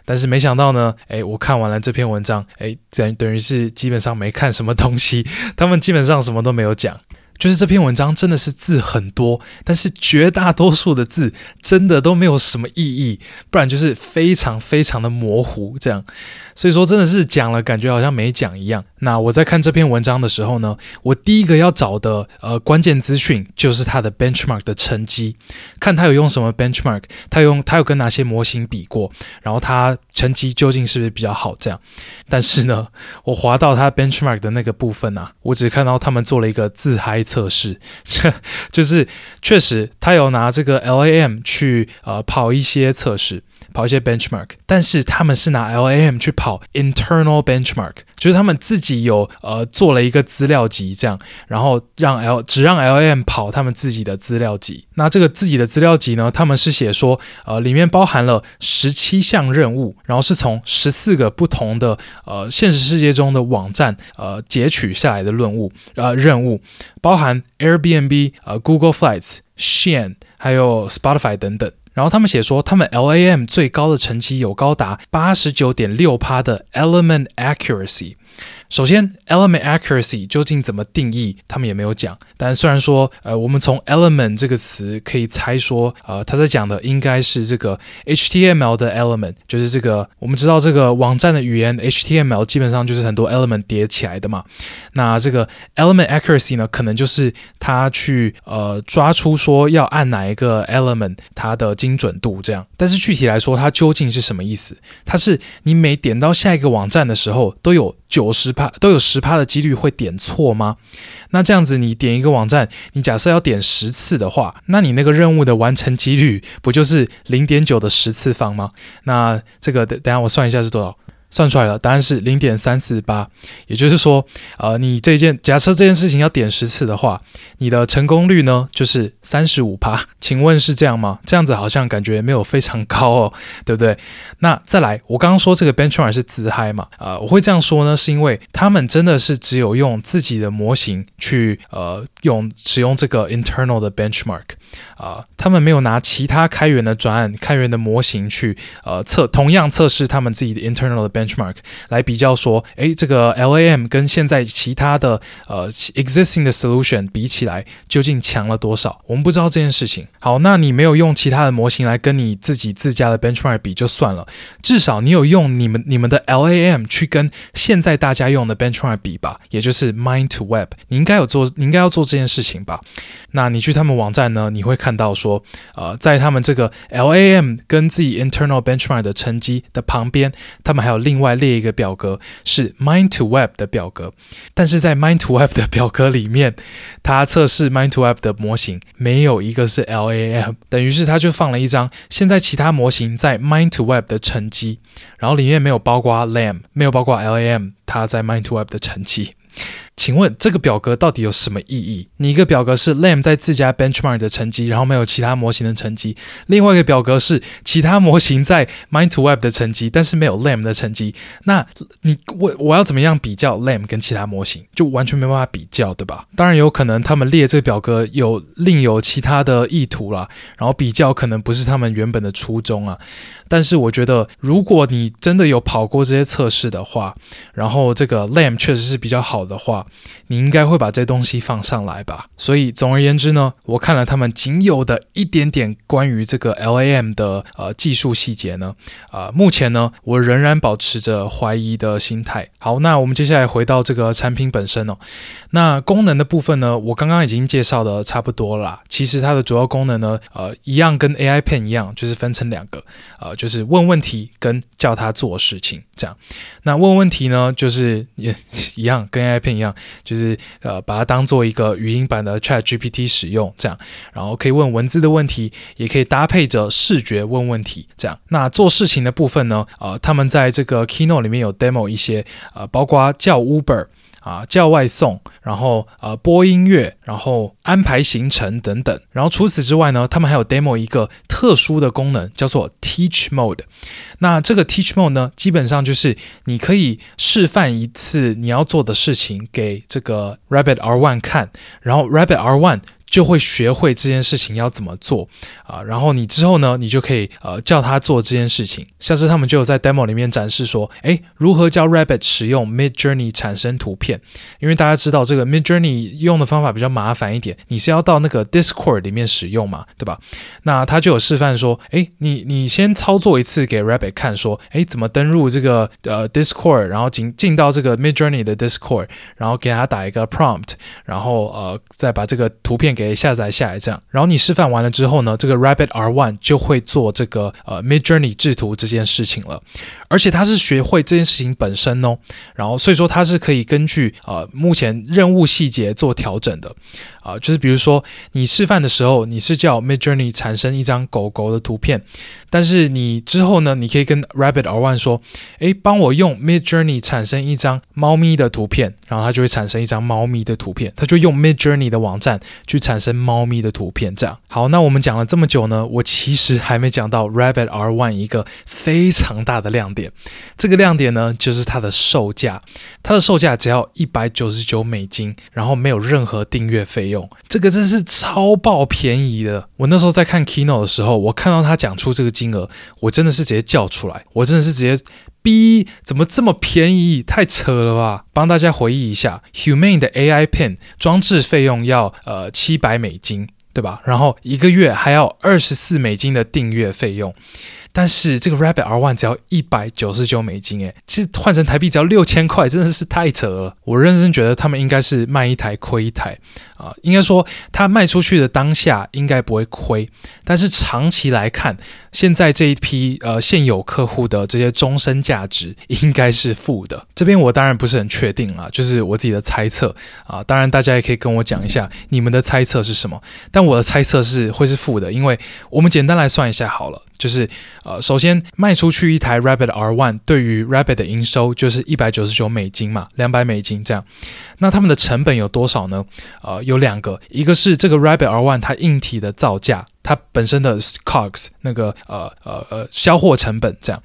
但是沒想到呢，哎，我看完了這篇文章，哎，等等於是基本上沒看什麼東西，他們基本上什麼都沒有講。就是這篇文章真的是字很多，但是絕大多數的字真的都沒有什麼意義，不然就是非常非常的模糊這樣。所以說真的是講了，感覺好像沒講一樣。那我在看這篇文章的時候呢，我第一個要找的呃關鍵資訊就是他的 benchmark 的成績，看他有用什麼 benchmark，他用他有跟哪些模型比過，然後他成績究竟是不是比較好這樣。但是呢，我滑到他 benchmark 的那個部分啊，我只看到他們做了一個自嗨。測試，就是確實，他有拿這個 LAM 去呃跑一些測試。跑一些 benchmark，但是他們是拿 LAM 去跑 internal benchmark，就是他們自己有呃做了一個資料集這樣，然後讓 L 只讓 LAM 跑他們自己的資料集。那這個自己的資料集呢，他們是寫說呃裡面包含了十七項任務，然後是從十四個不同的呃現實世界中的網站呃截取下來的論務、呃、任務，呃任務包含 Airbnb 呃、呃 Google Flights、Shen 還有 Spotify 等等。然後他們寫說，他們 LAM 最高的成績有高達八十九點六趴的 Element Accuracy。首先，element accuracy 究竟怎麼定義，他們也沒有講。但雖然說，呃，我們從 element 這個詞可以猜說，呃，他在講的應該是這個 HTML 的 element，就是這個我們知道這個網站的語言 HTML 基本上就是很多 element 疊起來的嘛。那這個 element accuracy 呢，可能就是他去呃抓出說要按哪一個 element，它的精準度這樣。但是具體來說，它究竟是什麼意思？它是你每點到下一個網站的時候，都有九十。都有十趴的幾率會點錯嗎？那這樣子，你點一個網站，你假設要點十次的話，那你那個任務的完成幾率不就是零點九的十次方嗎？那這個等等下我算一下是多少。算出來了，答案是零點三四八，也就是說，呃，你這件假設這件事情要點十次的話，你的成功率呢就是三十五趴。請問是這樣嗎？這樣子好像感覺沒有非常高哦，對不對？那再來，我剛剛說這個 benchmark 是自嗨嘛。啊、呃，我會這樣說呢，是因為他們真的是只有用自己的模型去，呃，用使用這個 internal 的 benchmark，啊、呃，他們沒有拿其他開源的專案開源的模型去，呃，測同樣測試他們自己的 internal 的。benchmark 來比較說，哎，這個 LAM 跟現在其他的呃 existing 的 solution 比起來，究竟強了多少？我們不知道這件事情。好，那你沒有用其他的模型來跟你自己自家的 benchmark 比就算了，至少你有用你們你們的 LAM 去跟現在大家用的 benchmark 比吧，也就是 Mind2Web，你應該有做，你應該要做這件事情吧？那你去他們網站呢，你會看到說，呃，在他們這個 LAM 跟自己 internal benchmark 的成績的旁邊，他們還有。另外列一個表格是 Mind2Web 的表格，但是在 Mind2Web 的表格裡面，它測試 Mind2Web 的模型沒有一個是 LAM，等於是它就放了一張現在其他模型在 Mind2Web 的成績，然後裡面沒有包括 LAM，沒有包括 LAM，它在 Mind2Web 的成績。請問這個表格到底有什麼意義？你一個表格是 LAM 在自家 benchmark 的成績，然後沒有其他模型的成績；另外一個表格是其他模型在 Mind2Web 的成績，但是沒有 LAM 的成績。那你我我要怎麼樣比較 LAM 跟其他模型？就完全沒辦法比較，對吧？當然有可能他們列這個表格有另有其他的意圖啦，然後比較可能不是他們原本的初衷啊。但是我覺得，如果你真的有跑過這些測試的話，然後這個 LAM 確實是比較好的話。你應該會把這東西放上來吧？所以總而言之呢，我看了他們僅有的一點點關於這個 LAM 的呃技術細節呢，呃，目前呢，我仍然保持着懷疑的心態。好，那我們接下來回到這個產品本身哦。那功能的部分呢，我剛剛已經介紹的差不多啦，其實它的主要功能呢，呃，一樣跟 AI Pin 一樣，就是分成兩個，呃，就是問問題跟叫他做事情這樣。那問問題呢，就是也一樣跟 AI Pin 一樣。就是呃，把它當做一個語音版的 Chat GPT 使用，這樣，然後可以問文字的問題，也可以搭配着視覺問問題，這樣。那做事情的部分呢？呃，他們在這個 Keynote 裡面有 demo 一些，呃，包括叫 Uber。啊，叫外送，然後呃播音樂，然後安排行程等等。然後除此之外呢，他們還有 demo 一個特殊的功能，叫做 teach mode。那這個 teach mode 呢，基本上就是你可以示範一次你要做的事情給這個 Rabbit R1 看，然後 Rabbit R1。就會學會這件事情要怎麼做啊、呃，然後你之後呢，你就可以呃叫他做這件事情。下次他們就有在 demo 裡面展示說，哎，如何教 Rabbit 使用 Midjourney 產生圖片？因為大家知道這個 Midjourney 用的方法比較麻煩一點，你是要到那個 Discord 裡面使用嘛，對吧？那他就有示範說，哎，你你先操作一次給 Rabbit 看，說，哎，怎麼登入這個呃 Discord，然後進進到這個 Midjourney 的 Discord，然後給他打一個 prompt，然後呃再把這個圖片。給下載下來這樣，然後你示範完了之後呢，這個 Rabbit r1 就會做這個呃 Midjourney 製圖這件事情了，而且它是學會這件事情本身哦，然後所以說它是可以根據呃目前任務細節做調整的，啊、呃，就是比如說你示範的時候，你是叫 Midjourney 產生一張狗狗的圖片。但是你之後呢？你可以跟 Rabbit R1 說，哎、欸，幫我用 Midjourney 產生一張貓咪的圖片，然後它就會產生一張貓咪的圖片。它就用 Midjourney 的網站去產生貓咪的圖片，這樣。好，那我們講了這麼久呢，我其實還沒講到 Rabbit R1 一個非常大的亮點。這個亮點呢，就是它的售價，它的售價只要一百九十九美金，然後沒有任何訂閱費用。這個真是超爆便宜的。我那時候在看 keynote 的時候，我看到他講出這個。金額，我真的是直接叫出來，我真的是直接，B 怎麼這麼便宜？太扯了吧！幫大家回憶一下 ，Humane 的 AI Pin 裝置費用要呃七百美金，對吧？然後一個月還要二十四美金的訂閱費用。但是這個 Rabbit R1 只要一百九十九美金，誒，其實換成台幣只要六千塊，真的是太扯了。我認真覺得他們應該是賣一台虧一台啊，呃。應該說，他賣出去的當下應該不會虧，但是長期來看，現在這一批呃現有客戶的這些終身價值應該是負的。這邊我當然不是很確定啊，就是我自己的猜測啊，呃。當然大家也可以跟我講一下你們的猜測是什麼。但我的猜測是會是負的，因為我們簡單來算一下好了，就是。呃呃，首先賣出去一台 Rabbit R1，對於 Rabbit 的營收就是一百九十九美金嘛，兩百美金這樣。那他們的成本有多少呢？呃，有兩個，一個是這個 Rabbit R1 它硬體的造價。它本身的 COGS 那個呃呃呃銷貨成本這樣，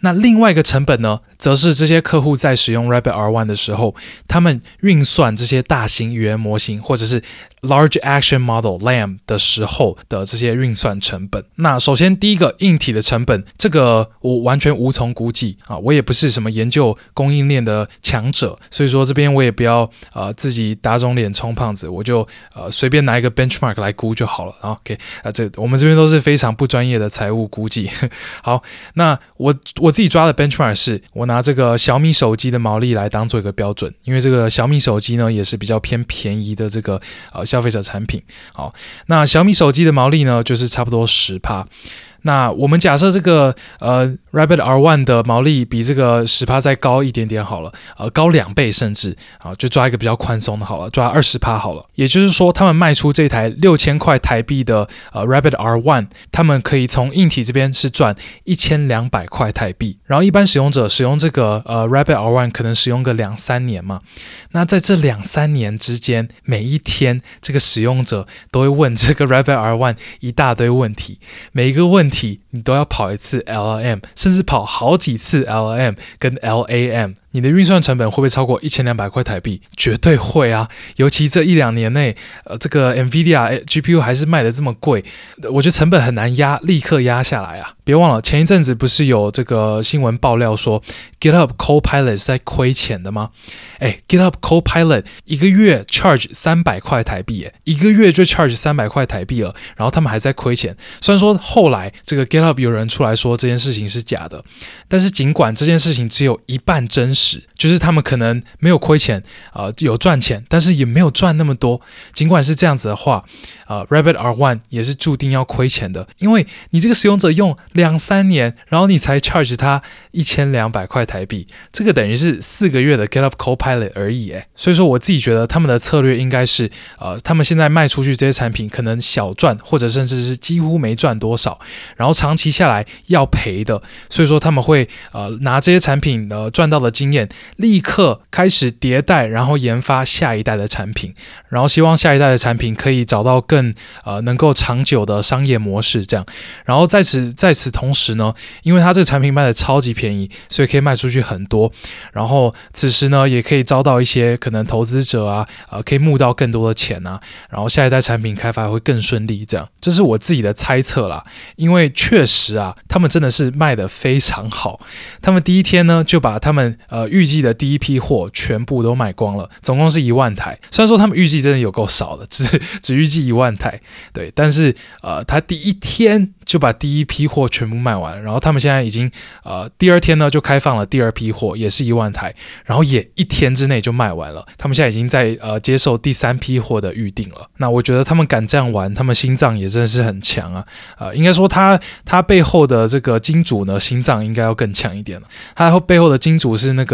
那另外一個成本呢，則是這些客戶在使用 Rabbit R1 的時候，他們運算這些大型語言模型或者是 Large Action Model LAM 的時候的這些運算成本。那首先第一個硬體的成本，這個我完全無從估計啊，我也不是什麼研究供應鏈的強者，所以說這邊我也不要呃自己打腫臉充胖子，我就呃隨便拿一個 benchmark 來估就好了。然後 OK 那這個。我們這邊都是非常不專業的財務估計。好，那我我自己抓的 benchmark 是，我拿這個小米手機的毛利來當做一個標準，因為這個小米手機呢也是比較偏便宜的這個，呃，消費者產品。好，那小米手機的毛利呢就是差不多十趴。那我們假設這個呃，Rabbit R One 的毛利比這個十趴再高一點點好了，呃，高兩倍甚至啊，就抓一個比較寬鬆的好了，抓二十趴好了。也就是說，他們賣出這台六千塊台幣的呃，Rabbit R One，他們可以從硬體這邊是賺一千兩百塊台幣。然後，一般使用者使用這個呃，Rabbit R One 可能使用個兩三年嘛。那在這兩三年之間，每一天這個使用者都會問這個 Rabbit R One 一大堆問題，每一個問題，你都要跑一次 L L M，甚至跑好幾次 L L M 跟 L A M。你的運算成本會不會超過一千兩百塊台幣？絕對會啊！尤其這一兩年內，呃，這個 Nvidia 誒 GPU 還是賣的這麼貴，我覺得成本很難壓，立刻壓下來啊！別忘了，前一陣子不是有這個新聞爆料說，GitHub Copilot 是在虧錢的嗎？哎，GitHub Copilot 一個月 charge 三百塊台幣誒，一個月就 charge 三百塊台幣了，然後他們還在虧錢。雖然說後來這個 GitHub 有人出來說這件事情是假的，但是儘管這件事情只有一半真實。就是他們可能沒有虧錢啊，呃，有賺錢，但是也沒有賺那麼多。儘管是這樣子的話，呃，Rabbit R One 也是注定要虧錢的，因為你這個使用者用兩三年，然後你才 charge 他一千兩百塊台幣，這個等於是四個月的 GitHub Copilot 而已，哎，所以說我自己覺得他們的策略應該是，呃，他們現在賣出去這些產品可能小賺或者甚至是幾乎沒賺多少，然後長期下來要賠的，所以說他們會呃拿這些產品呃賺到的金，立刻開始迭代，然後研發下一代的產品，然後希望下一代的產品可以找到更呃能夠長久的商業模式這樣。然後在此在此同時呢，因為他這個產品賣得超級便宜，所以可以賣出去很多。然後此時呢，也可以招到一些可能投資者啊啊、呃，可以募到更多的錢啊。然後下一代產品開發會更順利這樣。這是我自己的猜測啦，因為確實啊，他們真的是賣得非常好。他們第一天呢就把他們呃。預計的第一批貨全部都賣光了，總共是一萬台。雖然說他們預計真的有夠少的，只只預計一萬台，對。但是呃，他第一天就把第一批貨全部賣完了。然後他們現在已經呃，第二天呢就開放了第二批貨，也是一萬台，然後也一天之內就賣完了。他們現在已經在呃接受第三批貨的預定了。那我覺得他們敢這樣玩，他們心臟也真的是很強啊！呃，應該說他他背後的這個金主呢，心臟應該要更強一點了。他背後的金主是那個。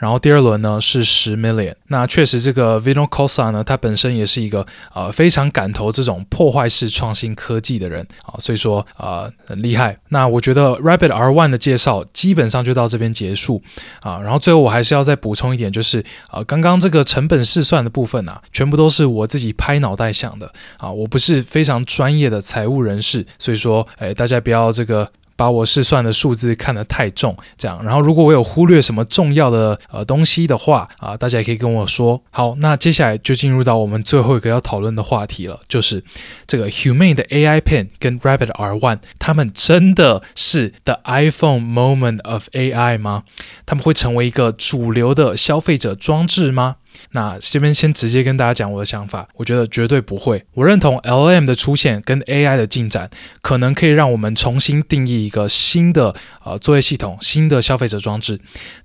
然後第二輪呢是十 million，那確實這個 Vinod Khosla 呢，他本身也是一個呃非常敢投這種破壞式創新科技的人啊，所以說啊、呃、很厲害。那我覺得 Rabbit R1 的介紹基本上就到這邊結束啊，然後最後我還是要再補充一點，就是啊剛剛這個成本試算的部分呢、啊，全部都是我自己拍腦袋想的啊，我不是非常專業的財務人士，所以說哎大家不要這個。把我試算的數字看得太重，這樣。然後，如果我有忽略什麼重要的呃東西的話啊，大家也可以跟我說。好，那接下來就進入到我們最後一個要討論的話題了，就是這個 Humane 的 AI Pin 跟 Rabbit R One，它們真的是 the iPhone moment of AI 嗎？它們會成為一個主流的消費者裝置嗎？那這邊先直接跟大家講我的想法，我覺得絕對不會。我認同 L M 的出現跟 A I 的進展，可能可以讓我們重新定義一個新的呃作業系統、新的消費者裝置。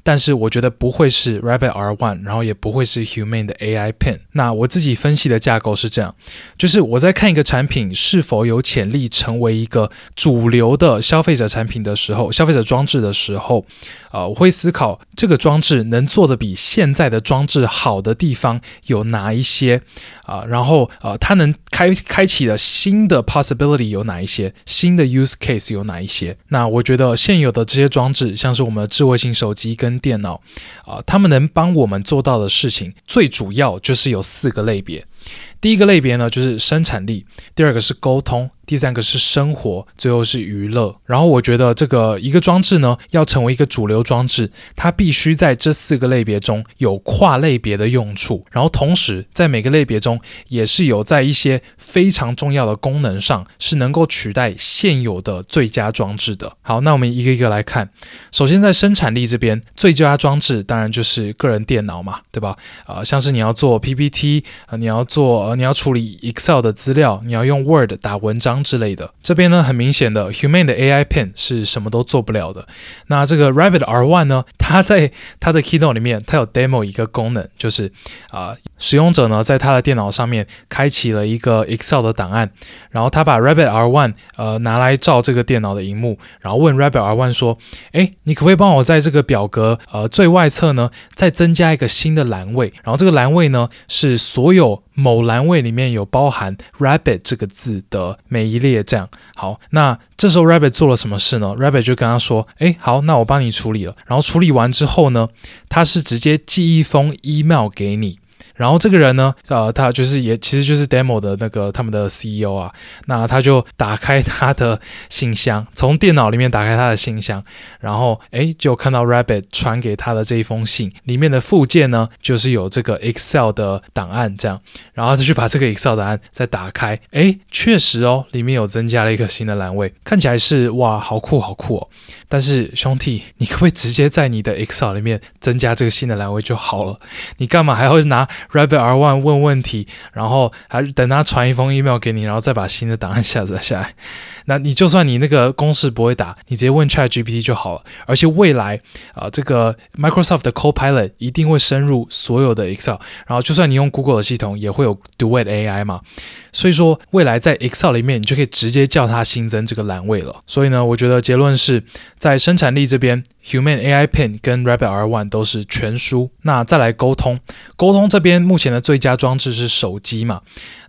但是我覺得不會是 Rabbit r1，然後也不會是 Humane 的 AI Pin。那我自己分析的架構是這樣，就是我在看一個產品是否有潛力成為一個主流的消費者產品的時候、消費者裝置的時候，呃，我會思考這個裝置能做得比現在的裝置好。好的地方有哪一些啊？然後啊，它能開開啟的新的 possibility 有哪一些？新的 use case 有哪一些？那我覺得現有的這些裝置，像是我們的智慧型手機跟電腦啊，他們能幫我們做到的事情，最主要就是有四個類別。第一個類別呢，就是生產力；第二個是溝通。第三個是生活，最後是娛樂。然後我覺得這個一個裝置呢，要成為一個主流裝置，它必須在這四個類別中有跨類別的用處，然後同時在每個類別中也是有在一些非常重要的功能上是能夠取代現有的最佳裝置的。好，那我們一個一個來看。首先在生產力這邊，最，最佳裝置當然就是個人電腦嘛，對吧？啊、呃，像是你要做 PPT，啊、呃、你要做、呃，你要處理 Excel 的資料，你要用 Word 打文章。之類的，這邊呢很明顯的 ，Humane 的 AI Pin 是什麼都做不了的。那這個 Rabbit R One 呢，它在它的 Keynote 裡面，它有 demo 一個功能，就是啊、呃，使用者呢在他的電腦上面開啟了一個 Excel 的檔案，然後他把 Rabbit R One 呃拿來照這個電腦的螢幕，然後問 Rabbit R One 說，哎，你可不可以幫我在這個表格呃最外側呢再增加一個新的欄位？然後這個欄位呢是所有。某欄位裡面有包含 Rabbit 這個字的每一列，這樣，好，那這時候 Rabbit 做了什麼事呢？Rabbit 就跟他說，誒，好，那我幫你處理了。然後處理完之後呢，他是直接寄一封 email 給你。然後這個人呢，呃，他就是也其實就是 demo 的那個他們的 CEO 啊，那他就打開他的信箱，從電腦裡面打開他的信箱，然後誒就看到 Rabbit 傳給他的這一封信裡面的附件呢，就是有這個 Excel 的檔案這樣，然後他就把這個 Excel 檔案再打開，誒，確實哦，裡面有增加了一個新的欄位，看起來是哇，好酷好酷哦，但是兄弟，你可不可以直接在你的 Excel 裡面增加這個新的欄位就好了？你幹嘛還要拿？Rabbit r1 問問題，然後還是等他傳一封 email 給你，然後再把新的檔案下載下來。那你就算你那個公式不會打，你直接問 Chat GPT 就好了。而且未來啊、呃，這個 Microsoft 的 Copilot 一定會深入所有的 Excel，然後就算你用 Google 的系統，也會有 Duet AI 嘛。所以說未來在 Excel 裡面，你就可以直接叫它新增這個欄位了。所以呢，我覺得結論是在生產力這邊，Humane AI Pin 跟 Rabbit r1 都是全輸。那再來溝通，溝通這邊目前的最佳裝置是手機嘛？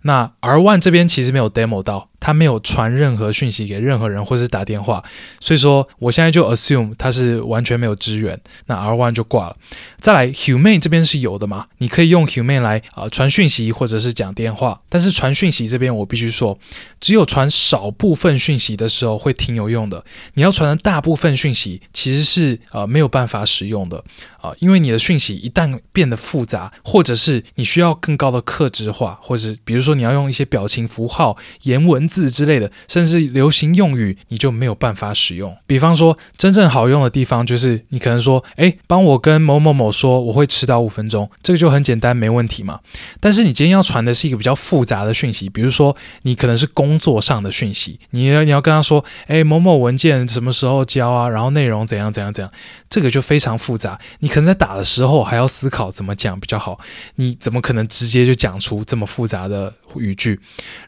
那 R One 這邊其實沒有 demo 到，他沒有傳任何訊息給任何人或是打電話，所以說我現在就 assume 他是完全沒有支援，那 R One 就掛了。再來 Humane 這邊是有的嘛，你可以用 Humane 來呃傳訊息或者是講電話，但是傳訊息這邊我必須說，只有傳少部分訊息的時候會挺有用的，你要傳的大部分訊息其實是呃沒有辦法使用的。因為你的訊息一旦變得複雜，或者是你需要更高的客製化，或者是比如說你要用一些表情符號、言文字之類的，甚至流行用語，你就沒有辦法使用。比方說，真正好用的地方就是你可能說，哎、欸，幫我跟某某某說，我會遲到五分鐘，這個就很簡單，沒問題嘛。但是你今天要傳的是一個比較複雜的訊息，比如說你可能是工作上的訊息，你要你要跟他說，哎、欸，某某文件什麼時候交啊？然後內容怎樣怎樣怎樣，這個就非常複雜，你。在打的時候還要思考怎麼講比較好，你怎麼可能直接就講出這麼複雜的語句？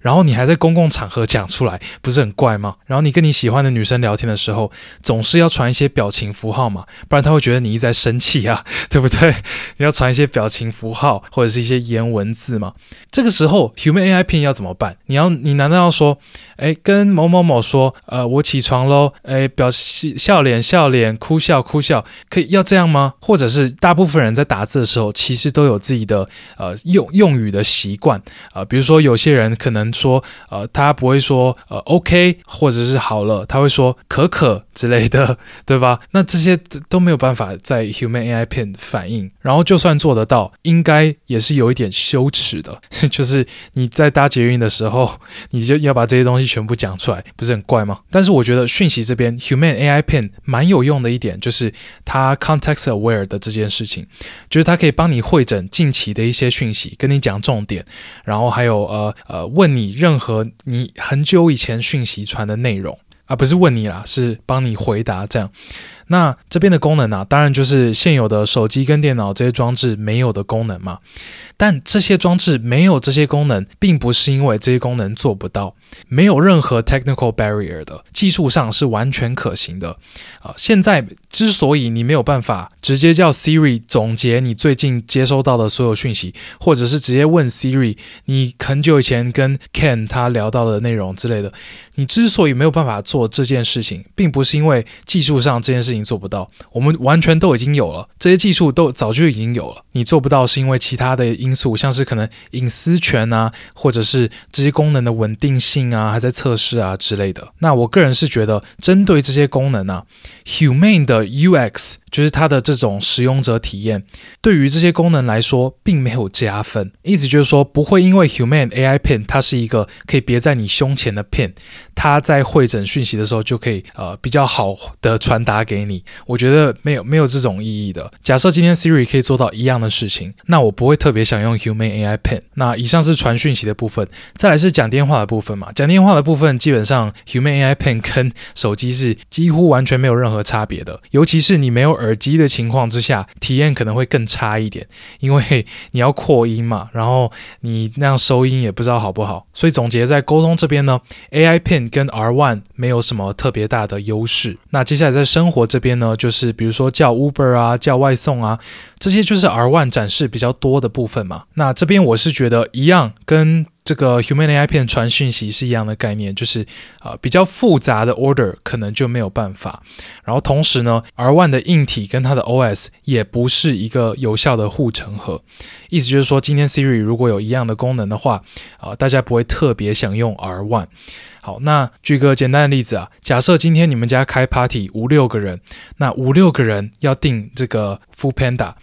然後你還在公共場合講出來，不是很怪嗎？然後你跟你喜歡的女生聊天的時候，總是要傳一些表情符號嘛，不然她會覺得你一直在生氣啊，對不對？你要傳一些表情符號或者是一些顏文字嘛？這個時候 Humane AI Pin 要怎麼辦？你要你難道要說，哎、欸，跟某某某說，呃，我起床嘍，哎、欸，表笑臉笑臉哭笑哭笑，可以要這樣嗎？或者或者是大部分人在打字的時候，其實都有自己的呃用用語的習慣、呃，比如說有些人可能說呃，他不會說呃 OK，或者是好了，他會說可可之類的，對吧？那這些都沒有辦法在 Human AI 片反應，然後就算做得到，應該也是有一點羞恥的，就是你在搭捷運的時候，你就要把這些東西全部講出來，不是很怪嗎？但是我覺得訊息這邊 Human AI 片蠻有用的一點，就是它 Context Aware。的這件事情，就是他可以幫你匯整近期的一些訊息，跟你講重點，然後還有呃呃問你任何你很久以前訊息傳的內容啊，不是問你啦，是幫你回答這樣。那這邊的功能呢，啊，當然就是現有的手機跟電腦這些裝置沒有的功能嘛。但這些裝置沒有這些功能，並不是因為這些功能做不到，沒有任何 technical barrier 的，技術上是完全可行的。啊，現在之所以你沒有辦法直接叫 Siri 總結你最近接收到的所有訊息，或者是直接問 Siri 你很久以前跟 Ken 他聊到的內容之類的，你之所以沒有辦法做這件事情，並不是因為技術上這件事情。做不到，我們完全都已經有了，這些技術都早就已經有了。你做不到是因為其他的因素，像是可能隱私權啊，或者是這些功能的穩定性啊，還在測試啊之類的。那我個人是覺得，針對這些功能啊，Humane 的 UX 就是它的這種使用者體驗，對於這些功能來說並沒有加分。意思就是說，不會因為 Humane AI Pin 它是一個可以別在你胸前的 Pin 它在匯整訊息的時候就可以呃比較好的傳達給你。我覺得沒有沒有這種意義的。假設今天 Siri 可以做到一樣的事情，那我不會特別想用 Humane AI Pin。那以上是傳訊息的部分，再來是講電話的部分嘛。講電話的部分基本上 Humane AI Pin 跟手機是幾乎完全沒有任何差別的，尤其是你沒有耳機的情況之下，體驗可能會更差一點，因為你要擴音嘛，然後你那樣收音也不知道好不好。所以總結在溝通這邊呢，AI Pin 跟 r1 沒有什麼特別大的優勢。那接下來在生活這。這邊呢，就是比如說叫 Uber 啊，叫外送啊，這些就是 R One 展示比較多的部分嘛。那這邊我是覺得一樣，跟這個 Humane AI Pin 傳訊息是一樣的概念，就是呃比較複雜的 order 可能就沒有辦法。然後同時呢，R One 的硬體跟它的 OS 也不是一個有效的護城河，意思就是說今天 Siri 如果有一樣的功能的話，啊、呃、大家不會特別想用 R One。好，那舉個簡單的例子啊，假設今天你們家開 party 五六個人，那五六個人要訂這個 foodpanda，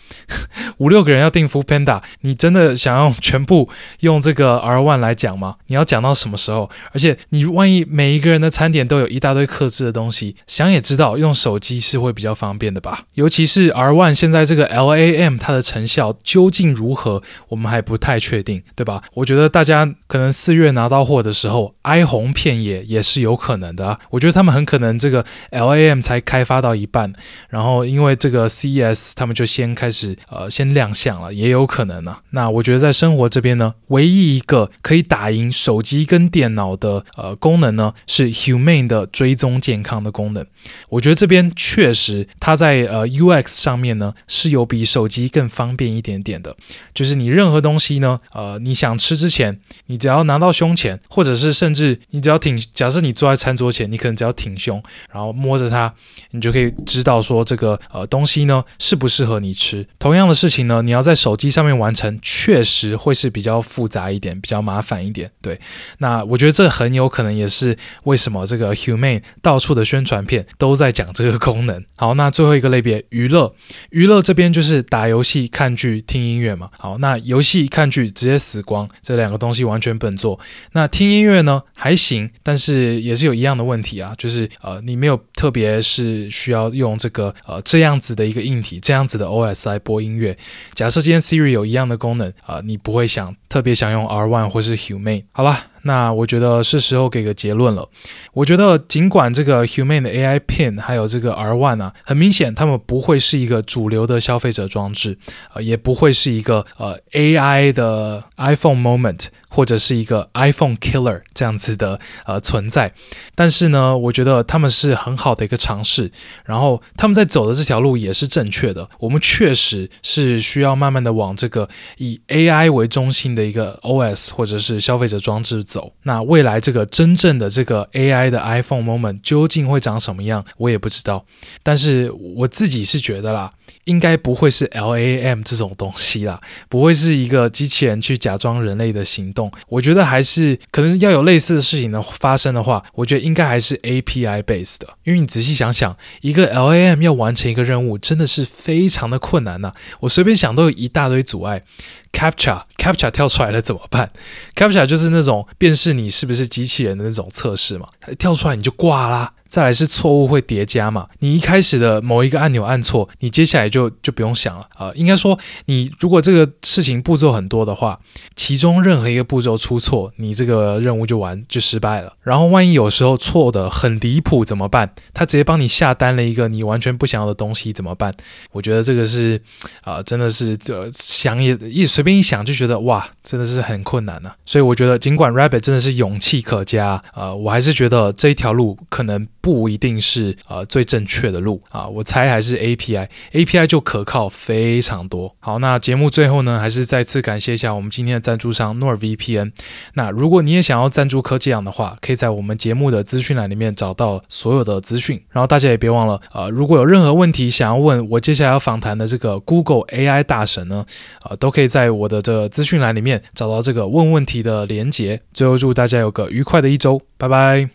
五六個人要訂 foodpanda，你真的想要全部用這個 r1 來講嗎？你要講到什麼時候？而且你萬一每一個人的餐點都有一大堆客製的東西，想也知道用手機是會比較方便的吧？尤其是 r1 現在這個 LAM 它的成效究竟如何，我們還不太確定，對吧？我覺得大家可能四月拿到貨的時候哀鴻遍野。也也是有可能的啊，我覺得他們很可能這個 LAM 才開發到一半，然後因為這個 CES 他們就先開始呃先亮相了，也有可能呢、啊。那我覺得在生活這邊呢，唯一一個可以打贏手機跟電腦的呃功能呢，是 Humane 的追蹤健康的功能。我覺得這邊確實它在呃 UX 上面呢是有比手機更方便一點點的，就是你任何東西呢呃你想吃之前，你只要拿到胸前，或者是甚至你只要挺假設你坐在餐桌前，你可能只要挺胸，然後摸着它，你就可以知道說這個呃東西呢適不適合你吃。同樣的事情呢，你要在手機上面完成，確實會是比較複雜一點，比較麻煩一點。對，那我覺得這很有可能也是為什麼這個 Humane 到處的宣傳片都在講這個功能。好，那最後一個類別娛樂，娛樂這邊就是打遊戲、看劇、聽音樂嘛。好，那遊戲、看劇直接死光，這兩個東西完全不能做。那聽音樂呢，還行。但是也是有一樣的問題啊，就是呃，你沒有特別是需要用這個呃這樣子的一個硬體，這樣子的 OS 來播音樂。假設今天 Siri 有一樣的功能啊，呃，你不會想特別想用 R1 或是 Humane。好了。那我覺得是時候給個結論了。我覺得儘管這個 Humane 的 AI Pin 還有這個 R One 啊，很明顯他們不會是一個主流的消費者裝置，呃，也不會是一個呃 AI 的 iPhone Moment 或者是一個 iPhone Killer 這樣子的呃存在。但是呢，我覺得他們是很好的一個嘗試，然後他們在走的這條路也是正確的。我們確實是需要慢慢的往這個以 AI 為中心的一個 OS 或者是消費者裝置走。那未來這個真正的這個 AI 的 iPhone moment 究竟會長什麼樣，我也不知道。但是我自己是覺得啦，應該不會是 LAM 這種東西啦，不會是一個機器人去假裝人類的行動。我覺得還是可能要有類似的事情的發生的話，我覺得應該還是 API based 的。因為你仔細想想，一個 LAM 要完成一個任務，真的是非常的困難吶、啊。我隨便想都有一大堆阻礙。Captcha Captcha 跳出來了怎麼辦？Captcha 就是那種辨識你是不是機器人的那種測試嘛，它跳出來你就掛啦。再來是錯誤會疊加嘛，你一開始的某一個按鈕按錯，你接下來就就不用想了啊、呃。應該說，你如果這個事情步驟很多的話，其中任何一個步驟出錯，你這個任務就完就失敗了。然後萬一有時候錯的很離譜怎麼辦？他直接幫你下單了一個你完全不想要的東西怎麼辦？我覺得這個是啊、呃，真的是呃想也一隨。一邊一想就覺得哇，真的是很困難吶、啊。所以我覺得，儘管 Rabbit 真的是勇氣可嘉，呃，我還是覺得這一條路可能不一定是呃最正確的路啊。我猜還是 API，API API 就可靠非常多。好，那節目最後呢，還是再次感謝一下我們今天的贊助商 NordVPN。那如果你也想要贊助科技養的話，可以在我們節目的資訊欄裡面找到所有的資訊。然後大家也別忘了，呃，如果有任何問題想要問我接下來要訪談的這個 Google AI 大神呢，呃，都可以在。我的這個資訊欄裡面找到這個問問題的連結，最後祝大家有個愉快的一周，拜拜。